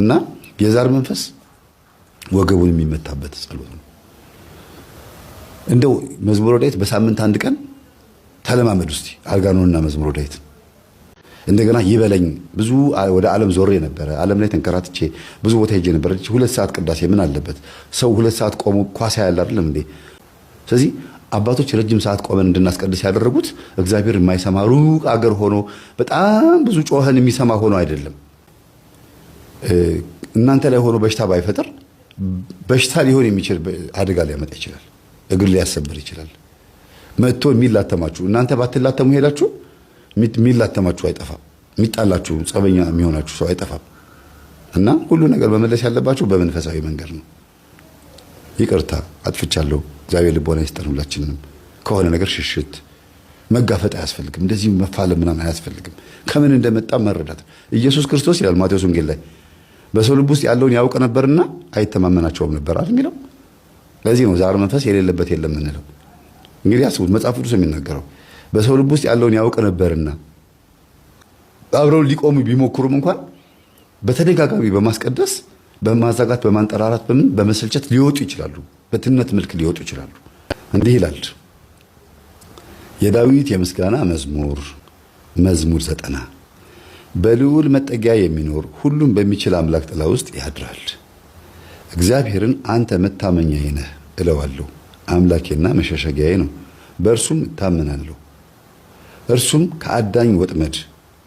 እና የዛር መንፈስ ወገቡን የሚመታበት ጸሎት ነው። እንደው መዝሙረ ዳዊት በሳምንት አንድ ቀን ተለማመድ ውስጥ አርጋኖንና መዝሙረ ዳዊት እንደገና ይበለኝ። ብዙ ወደ ዓለም ዞር የነበረ ዓለም ላይ ተንከራትቼ ብዙ ቦታ ሄጄ ነበረ። ሁለት ሰዓት ቅዳሴ ምን አለበት? ሰው ሁለት ሰዓት ቆሞ ኳሳ ያለ አይደለም እንዴ? ስለዚህ አባቶች ረጅም ሰዓት ቆመን እንድናስቀድስ ያደረጉት እግዚአብሔር የማይሰማ ሩቅ አገር ሆኖ በጣም ብዙ ጮኸን የሚሰማ ሆኖ አይደለም። እናንተ ላይ ሆኖ በሽታ ባይፈጥር በሽታ ሊሆን የሚችል አደጋ ሊያመጣ ይችላል። እግር ሊያሰብር ይችላል። መጥቶ የሚላተማችሁ እናንተ ባትላተሙ ሄዳችሁ የሚላተማችሁ አይጠፋም። የሚጣላችሁ ጸበኛ የሚሆናችሁ ሰው አይጠፋም። እና ሁሉ ነገር መመለስ ያለባችሁ በመንፈሳዊ መንገድ ነው። ይቅርታ አጥፍቻለሁ፣ እግዚአብሔር ልቦና ይስጠን። ሁላችንንም ከሆነ ነገር ሽሽት መጋፈጥ አያስፈልግም። እንደዚህ መፋለም ምናምን አያስፈልግም። ከምን እንደመጣ መረዳት ኢየሱስ ክርስቶስ ይላል ማቴዎስ ወንጌል ላይ በሰው ልብ ውስጥ ያለውን ያውቅ ነበርና አይተማመናቸውም ነበር አይደል የሚለው። ለዚህ ነው ዛር መንፈስ የሌለበት የለም የምንለው። እንግዲህ አስቡት፣ መጽሐፍ ቅዱስ የሚናገረው በሰው ልብ ውስጥ ያለውን ያውቅ ነበርና አብረው ሊቆሙ ቢሞክሩም እንኳን በተደጋጋሚ በማስቀደስ በማዛጋት በማንጠራራት በምን በመሰልቸት ሊወጡ ይችላሉ። በትነት መልክ ሊወጡ ይችላሉ። እንዲህ ይላል የዳዊት የምስጋና መዝሙር መዝሙር ዘጠና በልዑል መጠጊያ የሚኖር ሁሉም በሚችል አምላክ ጥላ ውስጥ ያድራል። እግዚአብሔርን አንተ መታመኛዬ ነህ እለዋለሁ። አምላኬና መሸሸጊያዬ ነው፣ በእርሱም እታመናለሁ። እርሱም ከአዳኝ ወጥመድ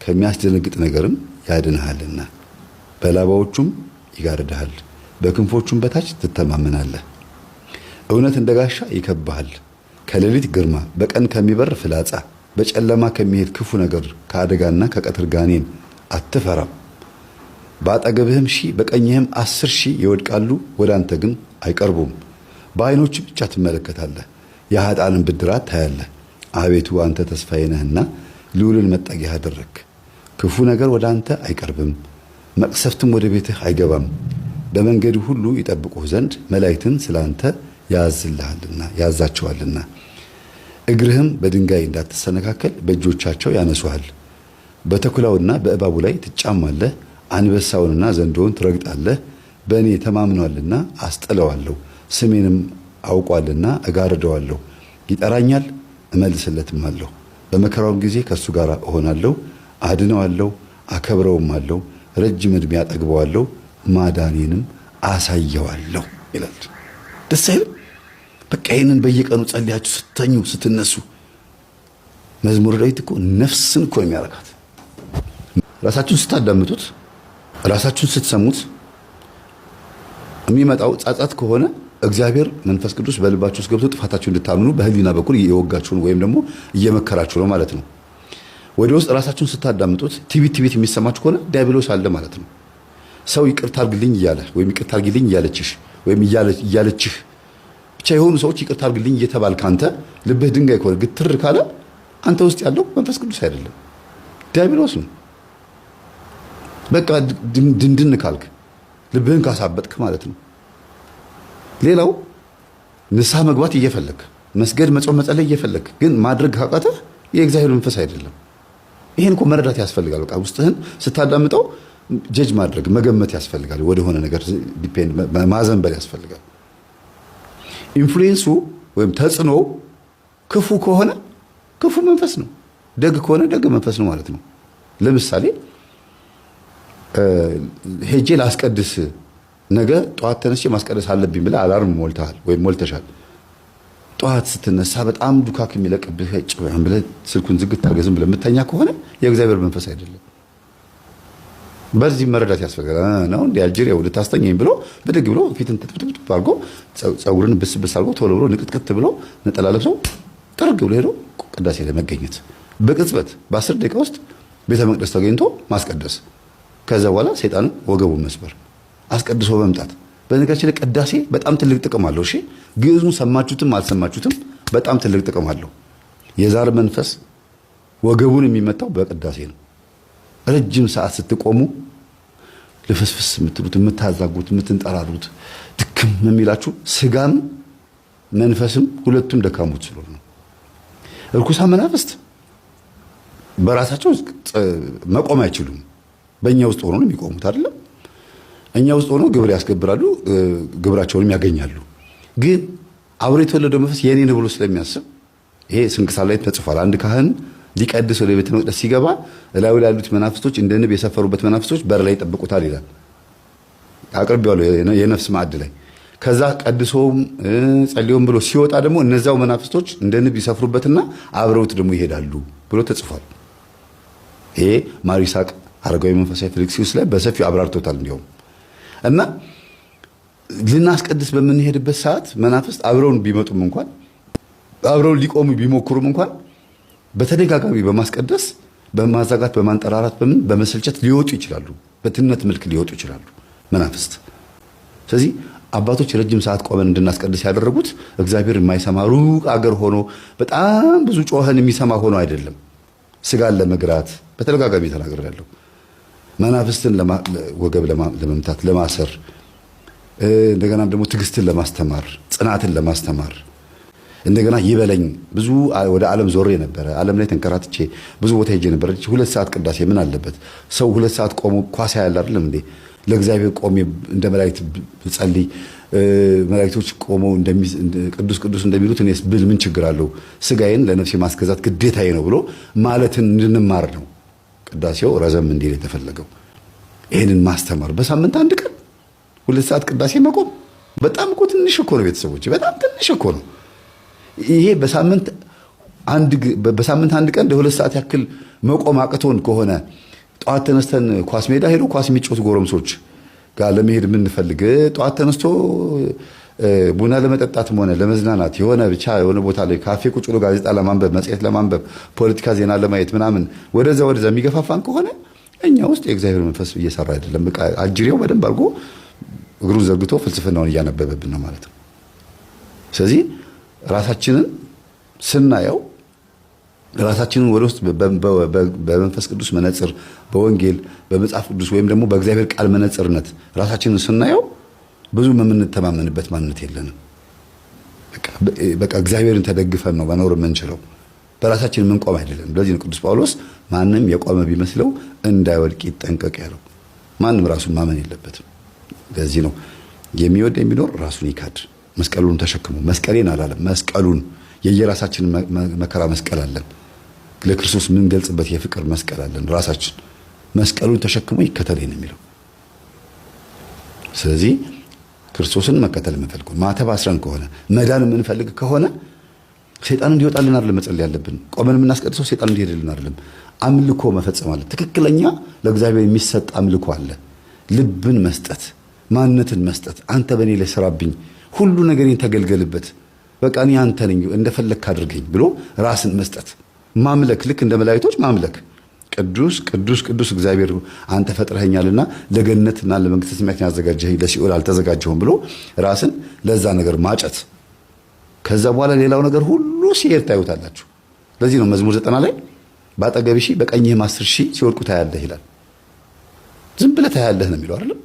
ከሚያስደነግጥ ነገርም ያድንሃልና፣ በላባዎቹም ይጋርድሃል፣ በክንፎቹም በታች ትተማመናለህ። እውነት እንደ ጋሻ ይከብሃል፣ ከሌሊት ግርማ፣ በቀን ከሚበር ፍላጻ በጨለማ ከሚሄድ ክፉ ነገር ከአደጋና ከቀትር ጋኔን አትፈራም። በአጠገብህም ሺህ በቀኝህም አስር ሺህ ይወድቃሉ፣ ወደ አንተ ግን አይቀርቡም። በዓይኖች ብቻ ትመለከታለህ፣ የኃጥአንን ብድራት ታያለህ። አቤቱ አንተ ተስፋዬ ነህና ልዑልን መጠጊያ አደረግክ። ክፉ ነገር ወደ አንተ አይቀርብም፣ መቅሰፍትም ወደ ቤትህ አይገባም። በመንገድ ሁሉ ይጠብቁህ ዘንድ መላእክትን ስለ አንተ ያዝልሃልና ያዛቸዋልና እግርህም በድንጋይ እንዳትሰነካከል በእጆቻቸው ያነሱሃል። በተኩላውና በእባቡ ላይ ትጫማለህ፣ አንበሳውንና ዘንዶውን ትረግጣለህ። በእኔ ተማምኗልና አስጥለዋለሁ፣ ስሜንም አውቋልና እጋርደዋለሁ። ይጠራኛል፣ እመልስለትም አለሁ። በመከራውም ጊዜ ከእሱ ጋር እሆናለሁ፣ አድነዋለሁ፣ አከብረውም አለሁ። ረጅም ዕድሜ አጠግበዋለሁ፣ ማዳኔንም አሳየዋለሁ ይላል። ደስ አይልም? በቃ ይህንን በየቀኑ ጸልያችሁ ስተኙ ስትነሱ። መዝሙረ ዳዊት እኮ ነፍስን እኮ የሚያረካት ራሳችሁን ስታዳምጡት፣ ራሳችሁን ስትሰሙት የሚመጣው ጻጻት ከሆነ እግዚአብሔር መንፈስ ቅዱስ በልባችሁ ውስጥ ገብቶ ጥፋታችሁ እንድታምኑ በህሊና በኩል የወጋችሁን ወይም ደግሞ እየመከራችሁ ነው ማለት ነው። ወደ ውስጥ ራሳችሁን ስታዳምጡት ትቢት ትቢት የሚሰማችሁ ከሆነ ዲያብሎስ አለ ማለት ነው። ሰው ይቅርታ አድርግልኝ እያለ ወይም ይቅርታ አድርግልኝ እያለችሽ ወይም እያለችህ ብቻ የሆኑ ሰዎች ይቅርታ አድርግልኝ እየተባል ካንተ ልብህ ድንጋይ ከሆነ ግትር ካለ አንተ ውስጥ ያለው መንፈስ ቅዱስ አይደለም፣ ዲያብሎስ ነው። በቃ ድንድን ካልክ ልብህን ካሳበጥክ ማለት ነው። ሌላው ንስሐ መግባት እየፈለግ መስገድ፣ መጾም፣ መጸለይ እየፈለግ ግን ማድረግ ካቃተህ የእግዚአብሔር መንፈስ አይደለም። ይሄን እኮ መረዳት ያስፈልጋል። በቃ ውስጥህን ስታዳምጠው ጀጅ ማድረግ መገመት ያስፈልጋል። ወደሆነ ነገር ዲፔንድ ማዘንበል ያስፈልጋል። ኢንፍሉዌንሱ ወይም ተጽዕኖ ክፉ ከሆነ ክፉ መንፈስ ነው፣ ደግ ከሆነ ደግ መንፈስ ነው ማለት ነው። ለምሳሌ ሄጄ ላስቀድስ፣ ነገ ጠዋት ተነስቼ ማስቀደስ አለብኝ ብለህ አላርም ሞልተሃል ወይም ሞልተሻል። ጠዋት ስትነሳ በጣም ዱካክ የሚለቅብህ ብለህ ስልኩን ዝግት አድርገህ ብለህ የምተኛ ከሆነ የእግዚአብሔር መንፈስ አይደለም። በዚህ መረዳት ያስፈልጋል ነው እንደ ወደ ታስተኛኝ ብሎ ብድግ ብሎ ፊትን ትጥብጥብ አድርጎ ፀጉርን ብስብስ አድርጎ ቶሎ ብሎ ንቅጥቅት ብሎ ነጠላ ለብሶ ጥርግ ብሎ ሄዶ ቅዳሴ ለመገኘት በቅጽበት በአስር ደቂቃ ውስጥ ቤተ መቅደስ ተገኝቶ ማስቀደስ፣ ከዛ በኋላ ሰይጣን ወገቡን መስበር፣ አስቀድሶ መምጣት። በነገራችን ላይ ቅዳሴ በጣም ትልቅ ጥቅም አለው። እሺ ግዕዙን ሰማችሁትም አልሰማችሁትም በጣም ትልቅ ጥቅም አለው። የዛር መንፈስ ወገቡን የሚመታው በቅዳሴ ነው። ረጅም ሰዓት ስትቆሙ ልፍስፍስ የምትሉት የምታዛጉት፣ የምትንጠራሩት ድክም የሚላችሁ ስጋም መንፈስም ሁለቱም ደካሞች ስለሆኑ ነው። እርኩሳ መናፍስት በራሳቸው መቆም አይችሉም። በእኛ ውስጥ ሆኖ ነው የሚቆሙት አይደለም። እኛ ውስጥ ሆኖ ግብር ያስገብራሉ፣ ግብራቸውንም ያገኛሉ። ግን አብሮ የተወለደው መንፈስ የኔ ነው ብሎ ስለሚያስብ ይሄ ስንክሳር ላይ ተጽፏል። አንድ ካህን ሊቀድስ ወደ ቤተ መቅደስ ሲገባ እላዩ ላሉት መናፍስቶች እንደ ንብ የሰፈሩበት መናፍስቶች በር ላይ ይጠብቁታል ይላል። አቅርቤዋለሁ የነፍስ ማዕድ ላይ ከዛ ቀድሶም ጸልዮም ብሎ ሲወጣ ደግሞ እነዚያው መናፍስቶች እንደ ንብ ይሰፍሩበትና አብረውት ደግሞ ይሄዳሉ ብሎ ተጽፏል። ይሄ ማር ይስሐቅ አረጋዊ መንፈሳዊ ፊልክስዩስ ላይ በሰፊው አብራርቶታል። እንዲሁም እና ልናስቀድስ በምንሄድበት ሰዓት መናፍስት አብረውን ቢመጡም እንኳን አብረውን ሊቆሙ ቢሞክሩም እንኳን በተደጋጋሚ በማስቀደስ በማዛጋት በማንጠራራት በምን በመሰልቸት ሊወጡ ይችላሉ። በትነት መልክ ሊወጡ ይችላሉ መናፍስት። ስለዚህ አባቶች ረጅም ሰዓት ቆመን እንድናስቀድስ ያደረጉት እግዚአብሔር የማይሰማ ሩቅ አገር ሆኖ በጣም ብዙ ጮኸን የሚሰማ ሆኖ አይደለም። ስጋን ለመግራት በተደጋጋሚ ያለው መናፍስትን ወገብ ለመምታት ለማሰር እንደገናም ደግሞ ትዕግስትን ለማስተማር ጽናትን ለማስተማር እንደገና ይበለኝ ብዙ ወደ ዓለም ዞሬ ነበረ። ዓለም ላይ ተንከራትቼ ብዙ ቦታ ሄጄ ነበረ። ሁለት ሰዓት ቅዳሴ ምን አለበት? ሰው ሁለት ሰዓት ቆሞ ኳስ ያለ አይደለም እንዴ? ለእግዚአብሔር ቆሜ እንደ መላእክት ብጸልይ መላእክቶች ቆመው ቅዱስ ቅዱስ እንደሚሉት እኔስ ብል ምን ችግር አለው? ስጋዬን ለነፍሴ ማስገዛት ግዴታዬ ነው ብሎ ማለትን እንድንማር ነው ቅዳሴው ረዘም እንዲል የተፈለገው። ይህንን ማስተማር በሳምንት አንድ ቀን ሁለት ሰዓት ቅዳሴ መቆም በጣም እኮ ትንሽ እኮ ነው ቤተሰቦች፣ በጣም ትንሽ እኮ ነው። ይሄ በሳምንት አንድ ቀን ለሁለት ሰዓት ያክል መቆም አቅቶን ከሆነ ጠዋት ተነስተን ኳስ ሜዳ ሄዶ ኳስ የሚጫወቱ ጎረምሶች ጋር ለመሄድ የምንፈልግ ጠዋት ተነስቶ ቡና ለመጠጣትም ሆነ ለመዝናናት የሆነ ብቻ የሆነ ቦታ ላይ ካፌ ቁጭሎ ጋዜጣ ለማንበብ መጽሔት ለማንበብ ፖለቲካ ዜና ለማየት ምናምን ወደዛ ወደዛ የሚገፋፋን ከሆነ እኛ ውስጥ የእግዚአብሔር መንፈስ እየሰራ አይደለም። በቃ አጅሬው በደንብ አድርጎ እግሩን ዘርግቶ ፍልስፍናውን እያነበበብን ነው ማለት ነው። ስለዚህ ራሳችንን ስናየው ራሳችንን ወደ ውስጥ በመንፈስ ቅዱስ መነጽር፣ በወንጌል በመጽሐፍ ቅዱስ ወይም ደግሞ በእግዚአብሔር ቃል መነጽርነት ራሳችንን ስናየው ብዙ የምንተማመንበት ማንነት የለንም። በቃ እግዚአብሔርን ተደግፈን ነው መኖር የምንችለው። በራሳችን የምንቆም አይደለም። ለዚህ ነው ቅዱስ ጳውሎስ ማንም የቆመ ቢመስለው እንዳይወድቅ ይጠንቀቅ ያለው። ማንም ራሱን ማመን የለበትም። ለዚህ ነው የሚወድ የሚኖር ራሱን ይካድ መስቀሉን ተሸክሙ። መስቀሌን አላለም፣ መስቀሉን። የየራሳችን መከራ መስቀል አለን። ለክርስቶስ የምንገልጽበት የፍቅር መስቀል አለን። ራሳችን መስቀሉን ተሸክሞ ይከተለኝ ነው የሚለው። ስለዚህ ክርስቶስን መከተል የምንፈልገው ማተብ አስረን ከሆነ መዳን የምንፈልግ ከሆነ ሴጣን እንዲወጣልን አይደለም መጸለይ ያለብን። ቆመን የምናስቀድሰው ሴጣን እንዲሄድልን አይደለም። አምልኮ መፈጸም አለ። ትክክለኛ ለእግዚአብሔር የሚሰጥ አምልኮ አለ። ልብን መስጠት፣ ማንነትን መስጠት፣ አንተ በእኔ ላይ ስራብኝ ሁሉ ነገሬን ተገልገልበት፣ በቃ እኔ አንተ ነኝ እንደፈለግክ አድርገኝ ብሎ ራስን መስጠት ማምለክ፣ ልክ እንደ መላእክቶች ማምለክ። ቅዱስ ቅዱስ ቅዱስ እግዚአብሔር አንተ ፈጥረኸኛልና ለገነትና ለመንግሥተ ሰማያት ያዘጋጀኸኝ ለሲኦል አልተዘጋጀሁም ብሎ ራስን ለዛ ነገር ማጨት። ከዛ በኋላ ሌላው ነገር ሁሉ ሲሄድ ታዩታላችሁ። ለዚህ ነው መዝሙር ዘጠና ላይ በአጠገብ ሺህ በቀኝህም አስር ሺህ ሲወድቁ ታያለህ ይላል። ዝም ብለህ ታያለህ ነው የሚለው አይደለም።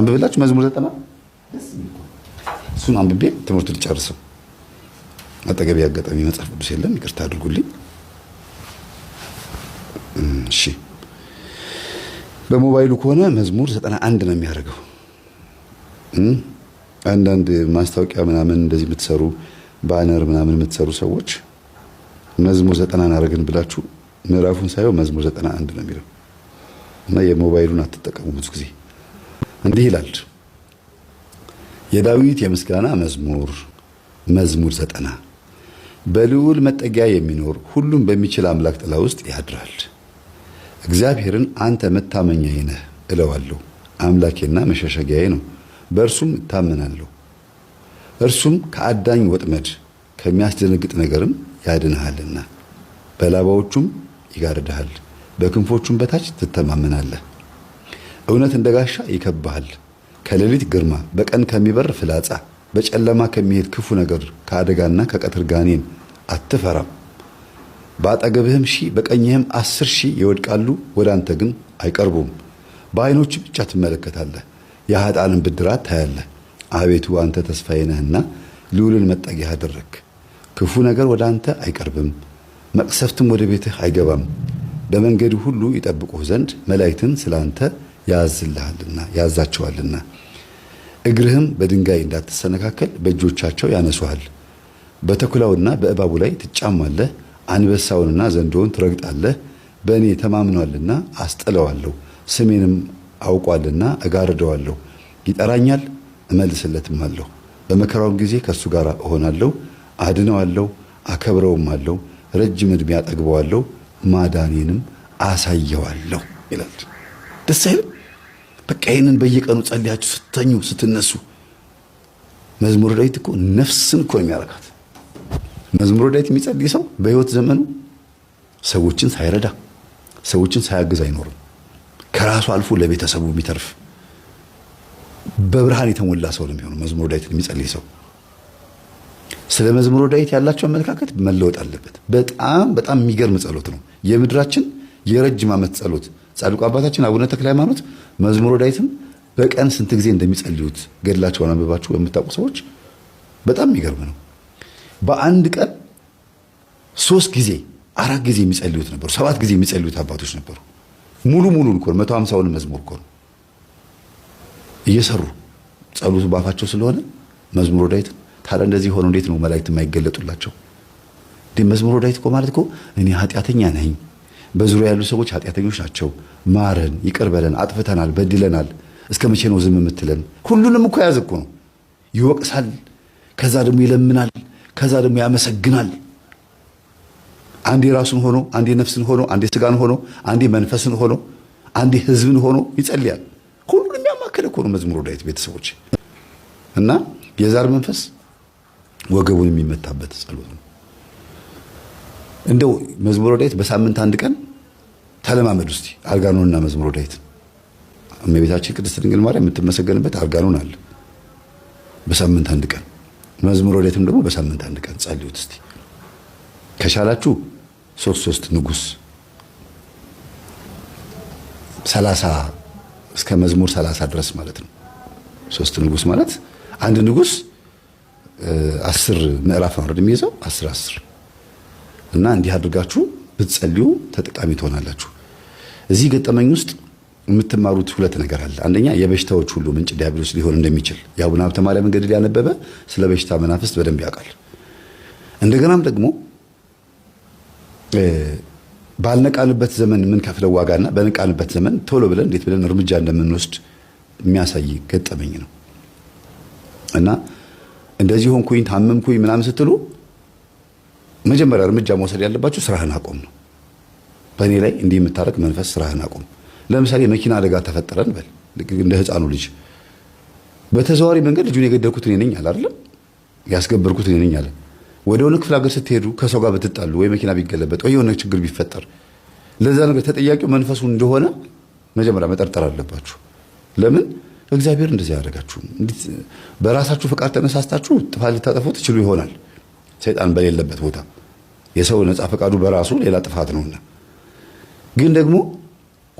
አንብብላችሁ መዝሙር ዘጠና ደስ የሚል እሱን አንብቤ ትምህርቱ ልጨርሰው አጠገቤ አጋጣሚ መጽሐፍ ቅዱስ የለም፣ ይቅርታ አድርጉልኝ። እሺ፣ በሞባይሉ ከሆነ መዝሙር ዘጠና አንድ ነው የሚያደርገው። አንዳንድ ማስታወቂያ ምናምን እንደዚህ የምትሰሩ ባነር ምናምን የምትሰሩ ሰዎች መዝሙር ዘጠና አደረግን ብላችሁ ምዕራፉን ሳየው መዝሙር ዘጠና አንድ ነው የሚለው እና የሞባይሉን አትጠቀሙ ብዙ ጊዜ እንዲህ ይላል። የዳዊት የምስጋና መዝሙር መዝሙር ዘጠና በልዑል መጠጊያ የሚኖር ሁሉም በሚችል አምላክ ጥላ ውስጥ ያድራል። እግዚአብሔርን አንተ መታመኛዬ ነህ እለዋለሁ። አምላኬና መሸሸጊያዬ ነው፣ በእርሱም እታመናለሁ። እርሱም ከአዳኝ ወጥመድ ከሚያስደነግጥ ነገርም ያድንሃልና፣ በላባዎቹም ይጋርድሃል፣ በክንፎቹም በታች ትተማመናለህ። እውነት እንደ ጋሻ ይከብሃል ከሌሊት ግርማ በቀን ከሚበር ፍላጻ በጨለማ ከሚሄድ ክፉ ነገር ከአደጋና ከቀትር ጋኔን አትፈራም። በአጠገብህም ሺህ በቀኝህም አስር ሺህ ይወድቃሉ፣ ወደ አንተ ግን አይቀርቡም። በዓይኖች ብቻ ትመለከታለህ፣ የኃጥአንን ብድራት ታያለህ። አቤቱ አንተ ተስፋዬ ነህና ልዑልን መጠጊያ አደረግክ። ክፉ ነገር ወደ አንተ አይቀርብም፣ መቅሰፍትም ወደ ቤትህ አይገባም። በመንገድ ሁሉ ይጠብቁህ ዘንድ መላእክትን ስለ አንተ ያዝልሃልና ያዛቸዋልና እግርህም በድንጋይ እንዳትሰነካከል በእጆቻቸው ያነሱሃል። በተኩላውና በእባቡ ላይ ትጫማለህ፣ አንበሳውንና ዘንዶውን ትረግጣለህ። በእኔ ተማምኗልና አስጥለዋለሁ፣ ስሜንም አውቋልና እጋርደዋለሁ። ይጠራኛል፣ እመልስለትም አለሁ። በመከራውም ጊዜ ከእሱ ጋር እሆናለሁ፣ አድነዋለሁ፣ አከብረውም አለሁ። ረጅም ዕድሜ አጠግበዋለሁ፣ ማዳኔንም አሳየዋለሁ ይላል። ደስ አይልም? በቃ ይህንን በየቀኑ ጸልያችሁ ስተኙ ስትነሱ። መዝሙረ ዳዊት እኮ ነፍስን እኮ የሚያረካት መዝሙረ ዳዊት የሚጸልይ ሰው በህይወት ዘመኑ ሰዎችን ሳይረዳ ሰዎችን ሳያግዝ አይኖርም። ከራሱ አልፎ ለቤተሰቡ የሚተርፍ በብርሃን የተሞላ ሰው ነው የሚሆነው መዝሙረ ዳዊትን የሚጸልይ ሰው። ስለ መዝሙረ ዳዊት ያላቸው አመለካከት መለወጥ አለበት። በጣም በጣም የሚገርም ጸሎት ነው የምድራችን የረጅም ዓመት ጸሎት ጻድቁ አባታችን አቡነ ተክለ ሃይማኖት መዝሙረ ዳዊትም በቀን ስንት ጊዜ እንደሚጸልዩት ገድላቸውን አንብባችሁ የምታውቁ ሰዎች በጣም የሚገርም ነው። በአንድ ቀን ሶስት ጊዜ አራት ጊዜ የሚጸልዩት ነበሩ። ሰባት ጊዜ የሚጸልዩት አባቶች ነበሩ። ሙሉ ሙሉ እንኳን መቶ ሀምሳውን መዝሙር እኮ ነው እየሰሩ ጸሎቱ ባፋቸው ስለሆነ መዝሙረ ዳዊት ታዲያ እንደዚህ ሆነ እንዴት ነው መላእክት የማይገለጡላቸው? እንዴ መዝሙረ ዳዊት እኮ ማለት እኮ እኔ ኃጢአተኛ ነኝ በዙሪያ ያሉ ሰዎች ኃጢአተኞች ናቸው፣ ማረን፣ ይቅር በለን፣ አጥፍተናል፣ በድለናል፣ እስከ መቼ ነው ዝም የምትለን? ሁሉንም እኮ የያዘ እኮ ነው። ይወቅሳል፣ ከዛ ደግሞ ይለምናል፣ ከዛ ደግሞ ያመሰግናል። አንዴ ራሱን ሆኖ፣ አንዴ ነፍስን ሆኖ፣ አንዴ ስጋን ሆኖ፣ አንዴ መንፈስን ሆኖ፣ አንዴ ህዝብን ሆኖ ይጸልያል። ሁሉንም ያማከለ እኮ ነው መዝሙረ ዳዊት ቤተሰቦች እና የዛር መንፈስ ወገቡን የሚመታበት ጸሎት ነው። እንደው መዝሙረ ዳዊት በሳምንት አንድ ቀን ተለማመድ ውስጥ አርጋኖንና መዝሙረ ዳዊት እመቤታችን ቅድስት ድንግል ማርያም የምትመሰገንበት አርጋኖን አለ። በሳምንት አንድ ቀን መዝሙረ ዳዊትም ደግሞ በሳምንት አንድ ቀን ጸልዩት እስቲ ከቻላችሁ ሶስት ሶስት ንጉስ ሰላሳ እስከ መዝሙር ሰላሳ ድረስ ማለት ነው። ሶስት ንጉስ ማለት አንድ ንጉስ አስር ምዕራፍ ነው የሚይዘው አስር አስር እና እንዲህ አድርጋችሁ ብትጸልዩ ተጠቃሚ ትሆናላችሁ። እዚህ ገጠመኝ ውስጥ የምትማሩት ሁለት ነገር አለ። አንደኛ የበሽታዎች ሁሉ ምንጭ ዲያብሎስ ሊሆን እንደሚችል የአቡነ ሀብተ ማርያም ገድል ያነበበ ስለ በሽታ መናፍስት በደንብ ያውቃል። እንደገናም ደግሞ ባልነቃንበት ዘመን የምንከፍለው ዋጋና በነቃንበት ዘመን ቶሎ ብለን እንዴት ብለን እርምጃ እንደምንወስድ የሚያሳይ ገጠመኝ ነው እና እንደዚህ ሆንኩኝ ታመምኩኝ ምናምን ስትሉ መጀመሪያ እርምጃ መውሰድ ያለባቸው ስራህን አቆም ነው። በእኔ ላይ እንዲህ የምታደርግ መንፈስ ስራህን አቆም። ለምሳሌ መኪና አደጋ ተፈጠረን በል እንደ ህፃኑ ልጅ በተዘዋዋሪ መንገድ ልጁን የገደልኩት እኔ ነኝ አለ አይደለም፣ ያስገበርኩት እኔ ነኝ አለ። ወደ ሆነ ክፍለ ሀገር ስትሄዱ ከሰው ጋር ብትጣሉ ወይ መኪና ቢገለበጥ ወይ የሆነ ችግር ቢፈጠር ለዛ ነገር ተጠያቂው መንፈሱ እንደሆነ መጀመሪያ መጠርጠር አለባችሁ። ለምን እግዚአብሔር እንደዚህ ያደረጋችሁ? በራሳችሁ ፍቃድ ተነሳስታችሁ ጥፋት ልታጠፉ ትችሉ ይሆናል ሰይጣን በሌለበት ቦታ የሰው ነጻ ፈቃዱ በራሱ ሌላ ጥፋት ነውና፣ ግን ደግሞ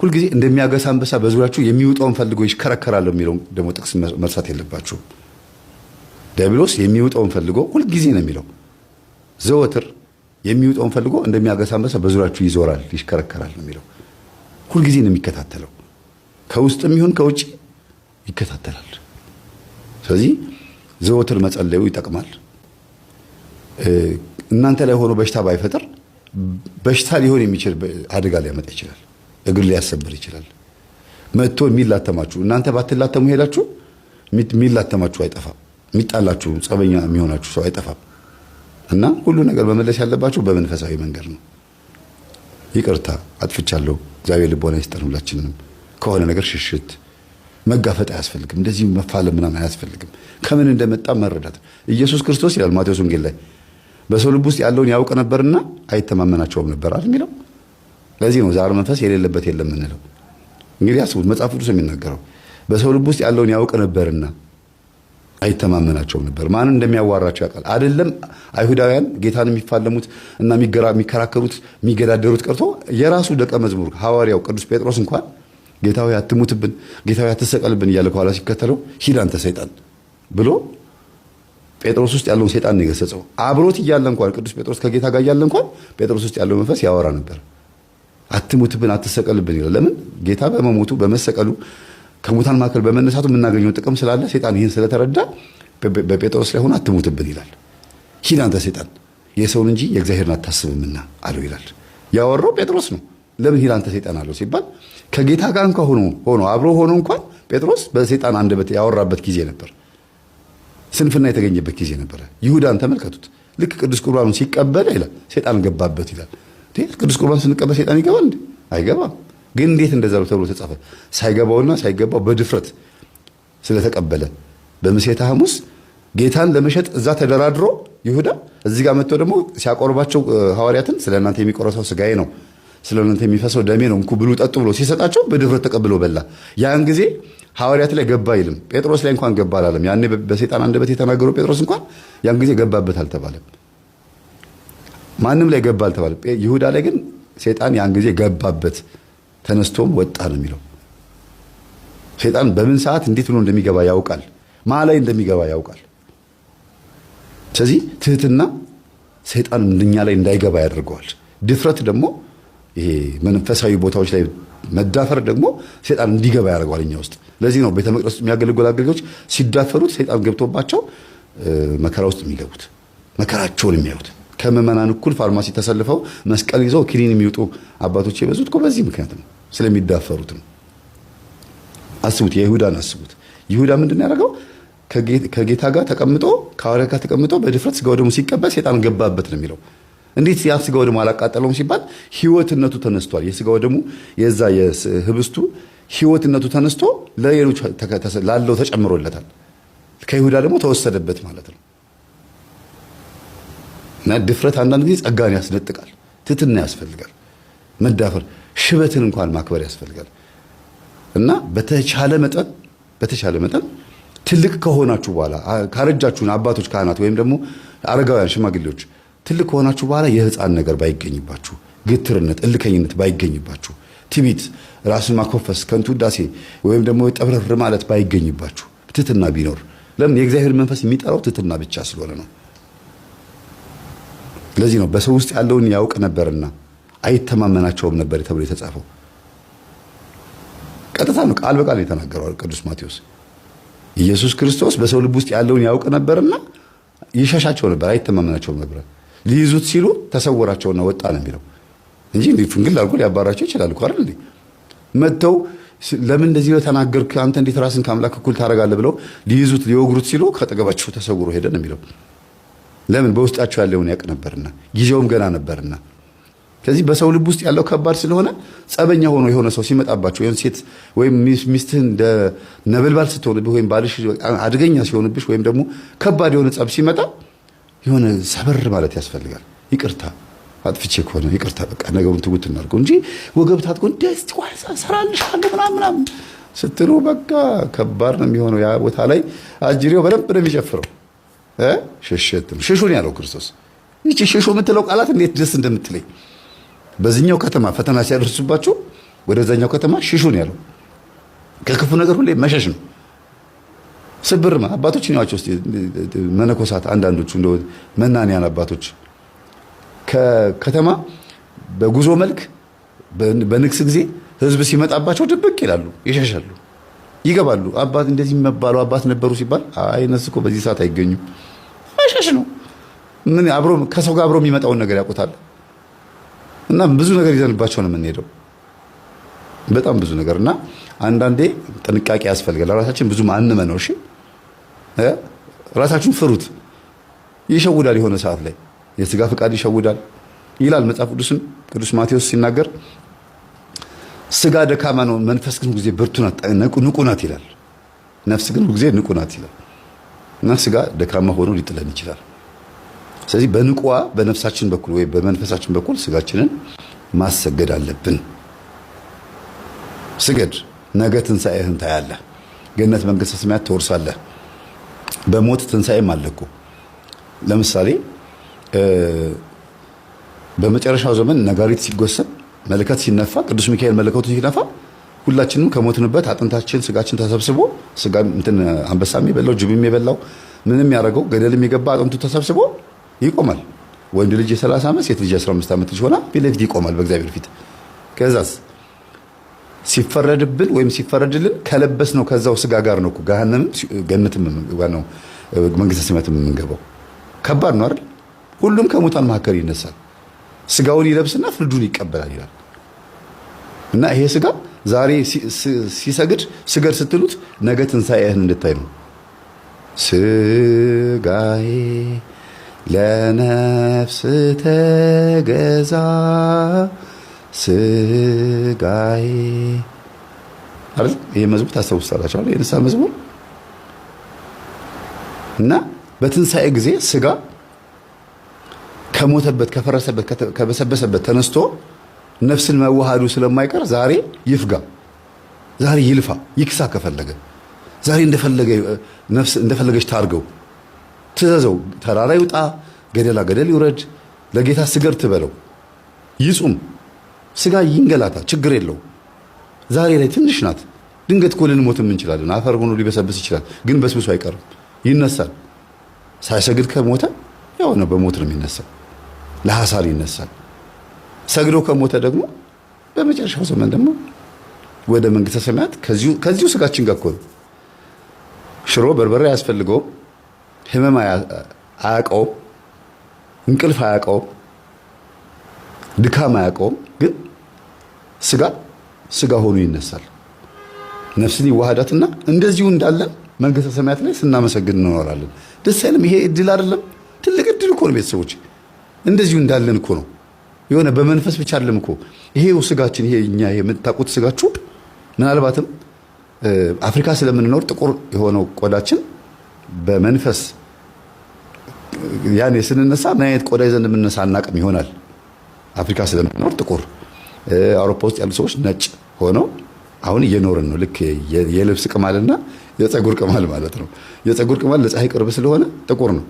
ሁልጊዜ እንደሚያገሳ አንበሳ በዙሪያችሁ የሚውጣውን ፈልጎ ይሽከረከራል የሚለው ደግሞ ጥቅስ መርሳት የለባችሁም። ዲያብሎስ የሚውጣውን ፈልጎ ሁልጊዜ ነው የሚለው ዘወትር የሚውጣውን ፈልጎ እንደሚያገሳ አንበሳ በዙሪያችሁ ይዞራል ይሽከረከራል የሚለው ሁልጊዜ ነው የሚከታተለው። ከውስጥም ይሁን ከውጭ ይከታተላል። ስለዚህ ዘወትር መጸለዩ ይጠቅማል። እናንተ ላይ ሆኖ በሽታ ባይፈጥር በሽታ ሊሆን የሚችል አደጋ ሊያመጣ ይችላል። እግር ሊያሰብር ይችላል። መጥቶ የሚላተማችሁ እናንተ ባትላተሙ ሄዳችሁ የሚላተማችሁ አይጠፋም። የሚጣላችሁ ጸበኛ የሚሆናችሁ ሰው አይጠፋም። እና ሁሉ ነገር መመለስ ያለባችሁ በመንፈሳዊ መንገድ ነው። ይቅርታ አጥፍቻለሁ፣ እግዚአብሔር ልቦና ይስጠን። ሁላችንንም ከሆነ ነገር ሽሽት መጋፈጥ አያስፈልግም። እንደዚህ መፋለም ምናምን አያስፈልግም። ከምን እንደመጣ መረዳት ኢየሱስ ክርስቶስ ይላል ማቴዎስ ወንጌል ላይ በሰው ልብ ውስጥ ያለውን ያውቅ ነበርና አይተማመናቸውም ነበር አይደል የሚለው። ለዚህ ነው ዛር መንፈስ የሌለበት የለም የምንለው። እንግዲህ አስቡት፣ መጽሐፍ ቅዱስ የሚናገረው በሰው ልብ ውስጥ ያለውን ያውቅ ነበርና አይተማመናቸውም ነበር። ማንን እንደሚያዋራቸው ያውቃል። አይደለም አይሁዳውያን ጌታን የሚፋለሙት እና የሚከራከሩት የሚገዳደሩት ቀርቶ የራሱ ደቀ መዝሙር ሐዋርያው ቅዱስ ጴጥሮስ እንኳን ጌታዊ አትሙትብን፣ ጌታዊ አትሰቀልብን እያለ ከኋላ ሲከተለው ሂድ አንተ ሰይጣን ብሎ ጴጥሮስ ውስጥ ያለውን ሴጣን ነው የገሰጸው። አብሮት እያለ እንኳን ቅዱስ ጴጥሮስ ከጌታ ጋር እያለ እንኳን ጴጥሮስ ውስጥ ያለው መንፈስ ያወራ ነበር። አትሙትብን፣ አትሰቀልብን ይላል። ለምን ጌታ በመሞቱ በመሰቀሉ ከሙታን መካከል በመነሳቱ የምናገኘው ጥቅም ስላለ ሴጣን ይህን ስለተረዳ በጴጥሮስ ላይ ሆነ አትሙትብን ይላል። ሂድ አንተ ሴጣን የሰውን እንጂ የእግዚአብሔርን አታስብምና አለው ይላል። ያወራው ጴጥሮስ ነው። ለምን ሂድ አንተ ሴጣን አለው ሲባል ከጌታ ጋር እንኳ ሆኖ አብሮ ሆኖ እንኳን ጴጥሮስ በሴጣን አንደበት ያወራበት ጊዜ ነበር። ስንፍና የተገኘበት ጊዜ ነበረ። ይሁዳን ተመልከቱት። ልክ ቅዱስ ቁርባኑን ሲቀበል ይላል ሴጣን ገባበት ይላል። ቅዱስ ቁርባን ስንቀበል ሴጣን ይገባል እንዴ? አይገባም። ግን እንዴት እንደዛ ተብሎ ተጻፈ? ሳይገባውና ሳይገባው በድፍረት ስለተቀበለ በምሴተ ሐሙስ ጌታን ለመሸጥ እዛ ተደራድሮ ይሁዳ እዚህ ጋር መጥቶ ደግሞ ሲያቆርባቸው ሐዋርያትን ስለ እናንተ የሚቆረሰው ስጋዬ ነው፣ ስለ እናንተ የሚፈሰው ደሜ ነው፣ እንኩ ብሉ ጠጡ ብሎ ሲሰጣቸው በድፍረት ተቀብሎ በላ። ያን ጊዜ ሐዋርያት ላይ ገባ አይልም። ጴጥሮስ ላይ እንኳን ገባ አላለም። ያኔ በሰይጣን አንደበት የተናገረው ጴጥሮስ እንኳን ያን ጊዜ ገባበት አልተባለም። ማንም ላይ ገባ አልተባለም። ይሁዳ ላይ ግን ሰይጣን ያን ጊዜ ገባበት፣ ተነስቶም ወጣ ነው የሚለው። ሰይጣን በምን ሰዓት እንዴት ብሎ እንደሚገባ ያውቃል። ማ ላይ እንደሚገባ ያውቃል። ስለዚህ ትህትና ሰይጣን እንደኛ ላይ እንዳይገባ ያደርገዋል። ድፍረት ደግሞ ይሄ መንፈሳዊ ቦታዎች ላይ መዳፈር ደግሞ ሰይጣን እንዲገባ ያደርገዋል እኛ ውስጥ ለዚህ ነው ቤተ መቅደስ የሚያገለግሉ አገልጋዮች ሲዳፈሩት ሰይጣን ገብቶባቸው መከራ ውስጥ የሚገቡት መከራቸውን የሚያዩት ከምዕመናን እኩል ፋርማሲ ተሰልፈው መስቀል ይዘው ኪኒን የሚውጡ አባቶች የበዙት እኮ በዚህ ምክንያት ነው፣ ስለሚዳፈሩት ነው። አስቡት፣ የይሁዳን አስቡት። ይሁዳ ምንድን ያደረገው? ከጌታ ጋር ተቀምጦ ከሐዋርያት ጋር ተቀምጦ በድፍረት ስጋ ወደሙ ሲቀበል ሴጣን ገባበት ነው የሚለው። እንዴት ያ ስጋ ወደሙ አላቃጠለውም ሲባል ህይወትነቱ ተነስቷል። የስጋ ወደሙ የዛ የህብስቱ ህይወትነቱ ተነስቶ ለሌሎች ላለው ተጨምሮለታል። ከይሁዳ ደግሞ ተወሰደበት ማለት ነው። እና ድፍረት አንዳንድ ጊዜ ጸጋን ያስነጥቃል። ትትና ያስፈልጋል። መዳፈር፣ ሽበትን እንኳን ማክበር ያስፈልጋል። እና በተቻለ መጠን በተቻለ መጠን ትልቅ ከሆናችሁ በኋላ ካረጃችሁን አባቶች፣ ካህናት ወይም ደግሞ አረጋውያን ሽማግሌዎች ትልቅ ከሆናችሁ በኋላ የህፃን ነገር ባይገኝባችሁ፣ ግትርነት፣ እልከኝነት ባይገኝባችሁ ትቢት፣ ራስን ማኮፈስ፣ ከንቱ ውዳሴ ወይም ደግሞ ጠብረር ማለት ባይገኝባችሁ ትህትና ቢኖር ለምን የእግዚአብሔር መንፈስ የሚጠራው ትህትና ብቻ ስለሆነ ነው። ለዚህ ነው በሰው ውስጥ ያለውን ያውቅ ነበርና አይተማመናቸውም ነበር ተብሎ የተጻፈው። ቀጥታ ነው ቃል በቃል የተናገረው ቅዱስ ማቴዎስ። ኢየሱስ ክርስቶስ በሰው ልብ ውስጥ ያለውን ያውቅ ነበርና ይሸሻቸው ነበር፣ አይተማመናቸውም ነበር። ሊይዙት ሲሉ ተሰወራቸውና ወጣ ነው የሚለው። እንጂ ፍንግል አድርጎ ሊያባራቸው ይችላል እኮ አይደል? መጥተው ለምን እንደዚህ ነው ተናገርክ? አንተ እንዴት ራስን ከአምላክ እኩል ታደርጋለህ? ብለው ሊይዙት ሊወግሩት ሲሉ ከጠገባቸው ተሰውሮ ሄደ ነው የሚለው። ለምን በውስጣቸው ያለውን ያውቅ ነበርና፣ ጊዜውም ገና ነበርና። ስለዚህ በሰው ልብ ውስጥ ያለው ከባድ ስለሆነ ጸበኛ ሆኖ የሆነ ሰው ሲመጣባቸው ወይም ሴት ወይም ሚስትህ እንደ ነበልባል ስትሆንብህ ወይም ባልሽ አደገኛ ሲሆንብሽ ወይም ደግሞ ከባድ የሆነ ጸብ ሲመጣ የሆነ ሰበር ማለት ያስፈልጋል። ይቅርታ አጥፍቼ ከሆነ ይቅርታ፣ በቃ ነገሩን ትጉት እናድርገው እንጂ ወገብ ታጥቆ ደስ ሰራልሻለሁ ምናምናም ምናምን ስትሉ በቃ ከባድ ነው የሚሆነው። ያ ቦታ ላይ አጅሬው በደንብ ነው የሚጨፍረው። ሽሽትም ሽሹን ያለው ክርስቶስ። ይቺ ሽሹ የምትለው ቃላት እንዴት ደስ እንደምትለኝ በዚኛው ከተማ ፈተና ሲያደርሱባቸው ወደዛኛው ከተማ ሽሹን ያለው። ከክፉ ነገር ሁሌ መሸሽ ነው። ስብርማ አባቶች ነዋቸው መነኮሳት አንዳንዶቹ እንደ መናንያን አባቶች ከከተማ በጉዞ መልክ በንግስ ጊዜ ህዝብ ሲመጣባቸው ድብቅ ይላሉ፣ ይሸሻሉ፣ ይገባሉ። አባት እንደዚህ የሚባሉ አባት ነበሩ ሲባል አይ እነሱ እኮ በዚህ ሰዓት አይገኙም። መሸሽ ነው። ምን አብሮ ከሰው ጋር አብሮ የሚመጣውን ነገር ያውቁታል። እና ብዙ ነገር ይዘንባቸው ነው የምንሄደው። በጣም ብዙ ነገር እና አንዳንዴ ጥንቃቄ ያስፈልጋል። ራሳችን ብዙ ማንመ ነው። እሺ ራሳችሁን ፍሩት። ይሸውዳል የሆነ ሰዓት ላይ የስጋ ፍቃድ ይሸውዳል ይላል መጽሐፍ ቅዱስም። ቅዱስ ማቴዎስ ሲናገር ስጋ ደካማ ነው፣ መንፈስ ግን ጊዜ ብርቱ ናት፣ ንቁ ናት ይላል። ነፍስ ግን ጊዜ ንቁ ናት ይላል እና ስጋ ደካማ ሆኖ ሊጥለን ይችላል። ስለዚህ በንቁዋ በነፍሳችን በኩል ወይም በመንፈሳችን በኩል ስጋችንን ማሰገድ አለብን። ስገድ፣ ነገ ትንሣኤህን ታያለህ፣ ገነት መንግሥተ ሰማያት ትወርሳለህ። በሞት ትንሣኤም አለኩ ለምሳሌ በመጨረሻው ዘመን ነጋሪት ሲጎሰን መለከት ሲነፋ ቅዱስ ሚካኤል መለከቱ ሲነፋ ሁላችንም ከሞትንበት አጥንታችን ስጋችን ተሰብስቦ ስጋ እንትን አንበሳም የበላው ጅብም የበላው ምንም ያደረገው ገደልም የገባ አጥንቱ ተሰብስቦ ይቆማል። ወንድ ልጅ የ30 ዓመት ሴት ልጅ 15 ዓመት ልጅ ሆና ፊት ለፊት ይቆማል በእግዚአብሔር ፊት። ከዛስ ሲፈረድብን ወይም ሲፈረድልን ከለበስ ነው ከዛው ስጋ ጋር ነው ገሃነምም ገነትም ነው መንግስተ ሰማያትም የምንገባው። ከባድ ነው አይደል? ሁሉም ከሙታን መካከል ይነሳል፣ ስጋውን ይለብስና ፍርዱን ይቀበላል ይላል እና ይሄ ስጋ ዛሬ ሲሰግድ ስገድ ስትሉት ነገ ትንሣኤህን እንድታይ ነው። ስጋዬ ለነፍስ ተገዛ፣ ስጋዬ አይደል? ይህ መዝሙር ታስታውሳላችሁ። የንስሐ መዝሙር እና በትንሣኤ ጊዜ ስጋ ከሞተበት ከፈረሰበት ከበሰበሰበት ተነስቶ ነፍስን መዋሃዱ ስለማይቀር ዛሬ ይፍጋ፣ ዛሬ ይልፋ፣ ይክሳ። ከፈለገ ዛሬ እንደፈለገ ነፍስ እንደፈለገች ታርገው፣ ትዘዘው። ተራራ ይውጣ፣ ገደላ ገደል ይውረድ፣ ለጌታ ስገር ትበለው፣ ይጹም፣ ስጋ ይንገላታ፣ ችግር የለው። ዛሬ ላይ ትንሽ ናት። ድንገት እኮ ልንሞትም እንችላለን። አፈር ሆኖ ሊበሰብስ ይችላል፣ ግን በስብሱ አይቀርም፣ ይነሳል። ሳይሰግድ ከሞተ ያው ነው፣ በሞት ነው የሚነሳው። ለሐሳር ይነሳል። ሰግዶ ከሞተ ደግሞ በመጨረሻው ዘመን ደግሞ ወደ መንግስተ ሰማያት ከዚሁ ስጋችን ጋር እኮ ሽሮ በርበሬ አያስፈልገውም። ህመም አያውቀውም። እንቅልፍ አያውቀውም። ድካም አያውቀውም። ግን ስጋ ስጋ ሆኖ ይነሳል። ነፍስን ይዋሃዳትና እንደዚሁ እንዳለን መንግስተ ሰማያት ላይ ስናመሰግን እንኖራለን። ደስ አይልም? ይሄ እድል አይደለም? ትልቅ እድል እኮ ነው ቤተሰቦች እንደዚሁ እንዳለን እኮ ነው። የሆነ በመንፈስ ብቻ አለም እኮ ይሄው ስጋችን፣ ይሄ እኛ የምታውቁት ስጋችሁ ምናልባትም አፍሪካ ስለምንኖር ጥቁር የሆነው ቆዳችን በመንፈስ ያኔ ስንነሳ ምን አይነት ቆዳ ይዘን የምንነሳ አናቅም ይሆናል። አፍሪካ ስለምንኖር ጥቁር፣ አውሮፓ ውስጥ ያሉ ሰዎች ነጭ ሆነው አሁን እየኖርን ነው። ልክ የልብስ ቅማልና የፀጉር ቅማል ማለት ነው። የፀጉር ቅማል ለፀሐይ ቅርብ ስለሆነ ጥቁር ነው።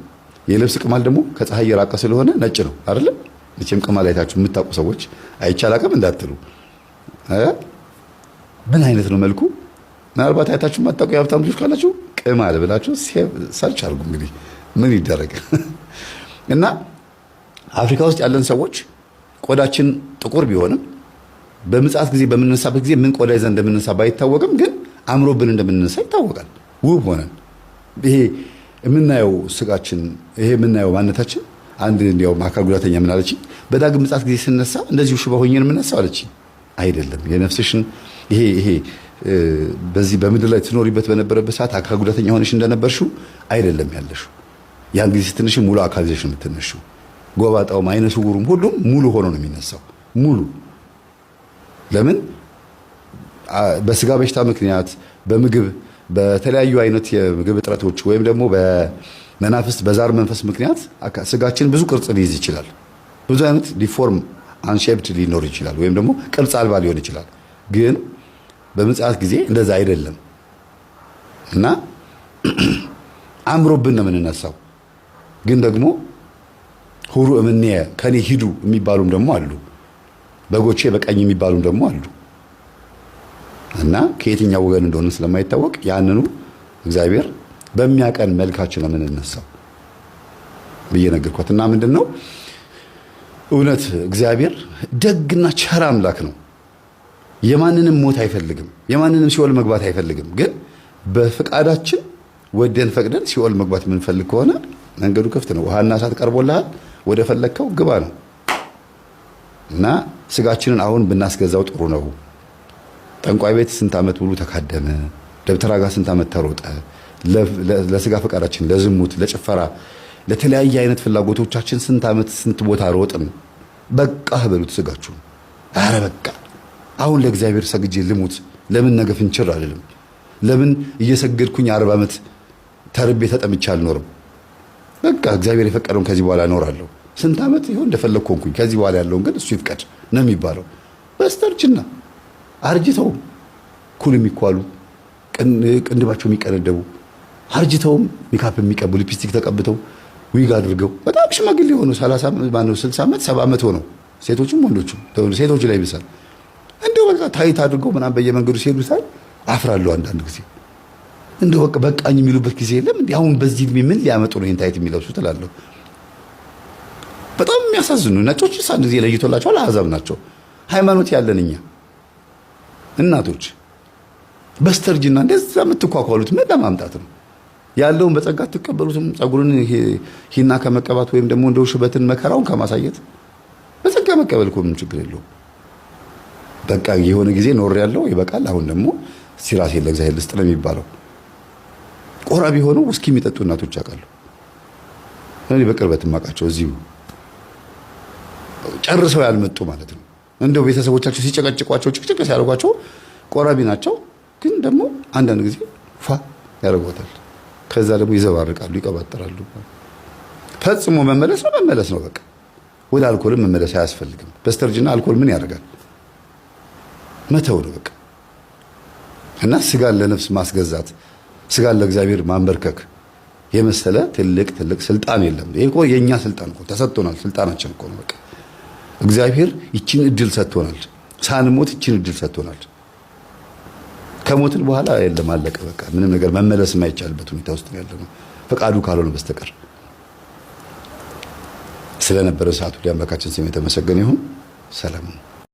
የልብስ ቅማል ደግሞ ከፀሐይ የራቀ ስለሆነ ነጭ ነው አይደለ? መቼም ቅማል አይታችሁ የምታውቁ ሰዎች አይቻል አቅም እንዳትሉ። ምን አይነት ነው መልኩ? ምናልባት አይታችሁ የማታውቁ የሀብታም ልጆች ካላችሁ ቅማል ብላችሁ ሰርች አድርጉ። እንግዲህ ምን ይደረግ እና አፍሪካ ውስጥ ያለን ሰዎች ቆዳችን ጥቁር ቢሆንም በምጽአት ጊዜ በምንነሳበት ጊዜ ምን ቆዳ ይዘን እንደምንነሳ ባይታወቅም፣ ግን አምሮብን እንደምንነሳ ይታወቃል። ውብ ሆነን ይሄ የምናየው ስጋችን ይሄ የምናየው ማነታችን አንድ እንዲያውም አካል ጉዳተኛ ምን አለች በዳግም ምጻት ጊዜ ስነሳ እንደዚሁ ሽባ ሆኜ ነው የምነሳው አይደለም የነፍስሽን ይሄ ይሄ በዚህ በምድር ላይ ትኖሪበት በነበረበት ሰዓት አካል ጉዳተኛ ሆነሽ እንደነበርሽው አይደለም ያለሽው። ያን ጊዜ ስትነሽ ሙሉ አካል ይዘሽ ነው የምትነሺው። ጎባጣውም አይነ ስውሩም ሁሉም ሙሉ ሆኖ ነው የሚነሳው። ሙሉ ለምን በስጋ በሽታ ምክንያት በምግብ በተለያዩ አይነት የምግብ እጥረቶች ወይም ደግሞ በመናፍስት በዛር መንፈስ ምክንያት ስጋችን ብዙ ቅርጽ ሊይዝ ይችላል። ብዙ አይነት ሊፎርም አንሼፕድ ሊኖር ይችላል፣ ወይም ደግሞ ቅርጽ አልባ ሊሆን ይችላል። ግን በምጽአት ጊዜ እንደዛ አይደለም እና አእምሮብን ነው የምንነሳው። ግን ደግሞ ሁሩ እምኔ ከኔ ሂዱ የሚባሉም ደግሞ አሉ። በጎቼ በቀኝ የሚባሉም ደግሞ አሉ። እና ከየትኛው ወገን እንደሆነ ስለማይታወቅ ያንኑ እግዚአብሔር በሚያቀን መልካችን ነው የምንነሳው ብዬ ነገርኳት። እና ምንድን ነው እውነት እግዚአብሔር ደግና ቸር አምላክ ነው። የማንንም ሞት አይፈልግም። የማንንም ሲኦል መግባት አይፈልግም። ግን በፍቃዳችን ወደን ፈቅደን ሲኦል መግባት የምንፈልግ ከሆነ መንገዱ ክፍት ነው። ውሃና እሳት ቀርቦልሃል። ወደ ፈለግከው ግባ ነው እና ስጋችንን አሁን ብናስገዛው ጥሩ ነው። ጠንቋይ ቤት ስንት ዓመት ሙሉ ተካደመ ደብተራ ጋር ስንት ዓመት ተሮጠ፣ ለስጋ ፈቃዳችን፣ ለዝሙት፣ ለጭፈራ፣ ለተለያየ አይነት ፍላጎቶቻችን ስንት ዓመት ስንት ቦታ ሮጥን። በቃ በሉት ስጋችሁ። አረ በቃ አሁን ለእግዚአብሔር ሰግጄ ልሙት። ለምን ነገ ፍንችር አይደለም? ለምን እየሰገድኩኝ አርባ ዓመት ተርቤ ተጠምቼ አልኖርም? በቃ እግዚአብሔር የፈቀደውን ከዚህ በኋላ እኖራለሁ። ስንት ዓመት ይሆን እንደፈለግኩ ሆንኩኝ። ከዚህ በኋላ ያለውን ግን እሱ ይፍቀድ ነው የሚባለው በስተርችና አርጅተው ኩል የሚኳሉ ቅንድባቸው የሚቀነደቡ አርጅተውም ሜካፕ የሚቀቡ ሊፕስቲክ ተቀብተው ዊግ አድርገው በጣም ሽማግሌ የሆኑ ማነው ስልሳ ዓመት ሰባ ዓመት ሆነው ሴቶችም ወንዶችም ሴቶች ላይ ይብሳል እንደው በቃ ታይት አድርገው ምናም በየመንገዱ ሲሄዱ ሳይ አፍራለሁ። አንዳንድ ጊዜ እንደው በቃ በቃኝ የሚሉበት ጊዜ የለም። እንዲ አሁን በዚህ ዕድሜ ምን ሊያመጡ ነው ይህን ታይት የሚለብሱ ትላለሁ። በጣም የሚያሳዝኑ ነጮች አንድ ጊዜ ለይቶላቸዋል። አሕዛብ ናቸው ሃይማኖት ያለን እኛ እናቶች በስተርጅና እንደዛ የምትኳኳሉት ምን ለማምጣት ነው? ያለውን በጸጋ ትቀበሉትም ጸጉርን ሂና ከመቀባት ወይም ደግሞ እንደው ሽበትን መከራውን ከማሳየት በጸጋ መቀበል እኮ ችግር የለውም። በቃ የሆነ ጊዜ ኖር ያለው ይበቃል። አሁን ደግሞ እስቲ ለእግዚአብሔር ልስጥ ነው የሚባለው። ቆራቢ ሆነው ውስኪ የሚጠጡ እናቶች ያውቃሉ። እኔ በቅርበት የማውቃቸው እዚሁ ጨርሰው ያልመጡ ማለት ነው። እንደው ቤተሰቦቻቸው ሲጨቀጭቋቸው ጭቅጭቅ ሲያደርጓቸው ቆራቢ ናቸው፣ ግን ደግሞ አንዳንድ ጊዜ ፋ ያደርጓታል። ከዛ ደግሞ ይዘባርቃሉ፣ ይቀባጠራሉ። ፈጽሞ መመለስ ነው መመለስ ነው በቃ። ወደ አልኮልም መመለስ አያስፈልግም። በስተርጅና አልኮል ምን ያደርጋል? መተው ነው በቃ። እና ስጋን ለነፍስ ማስገዛት ስጋን ለእግዚአብሔር ማንበርከክ የመሰለ ትልቅ ትልቅ ስልጣን የለም። ይሄ እኮ የእኛ ስልጣን እኮ ተሰጥቶናል። ስልጣናችን እኮ ነው በቃ እግዚአብሔር ይችን እድል ሰጥቶናል። ሳንሞት ይችን እድል ሰጥቶናል። ከሞትን በኋላ የለም አለቀ፣ በቃ ምንም ነገር መመለስ የማይቻልበት ሁኔታ ውስጥ ነው ያለነው፣ ፈቃዱ ካልሆነ በስተቀር ስለነበረ ሰዓቱ አምላካችን ስም የተመሰገነ ይሁን። ሰላም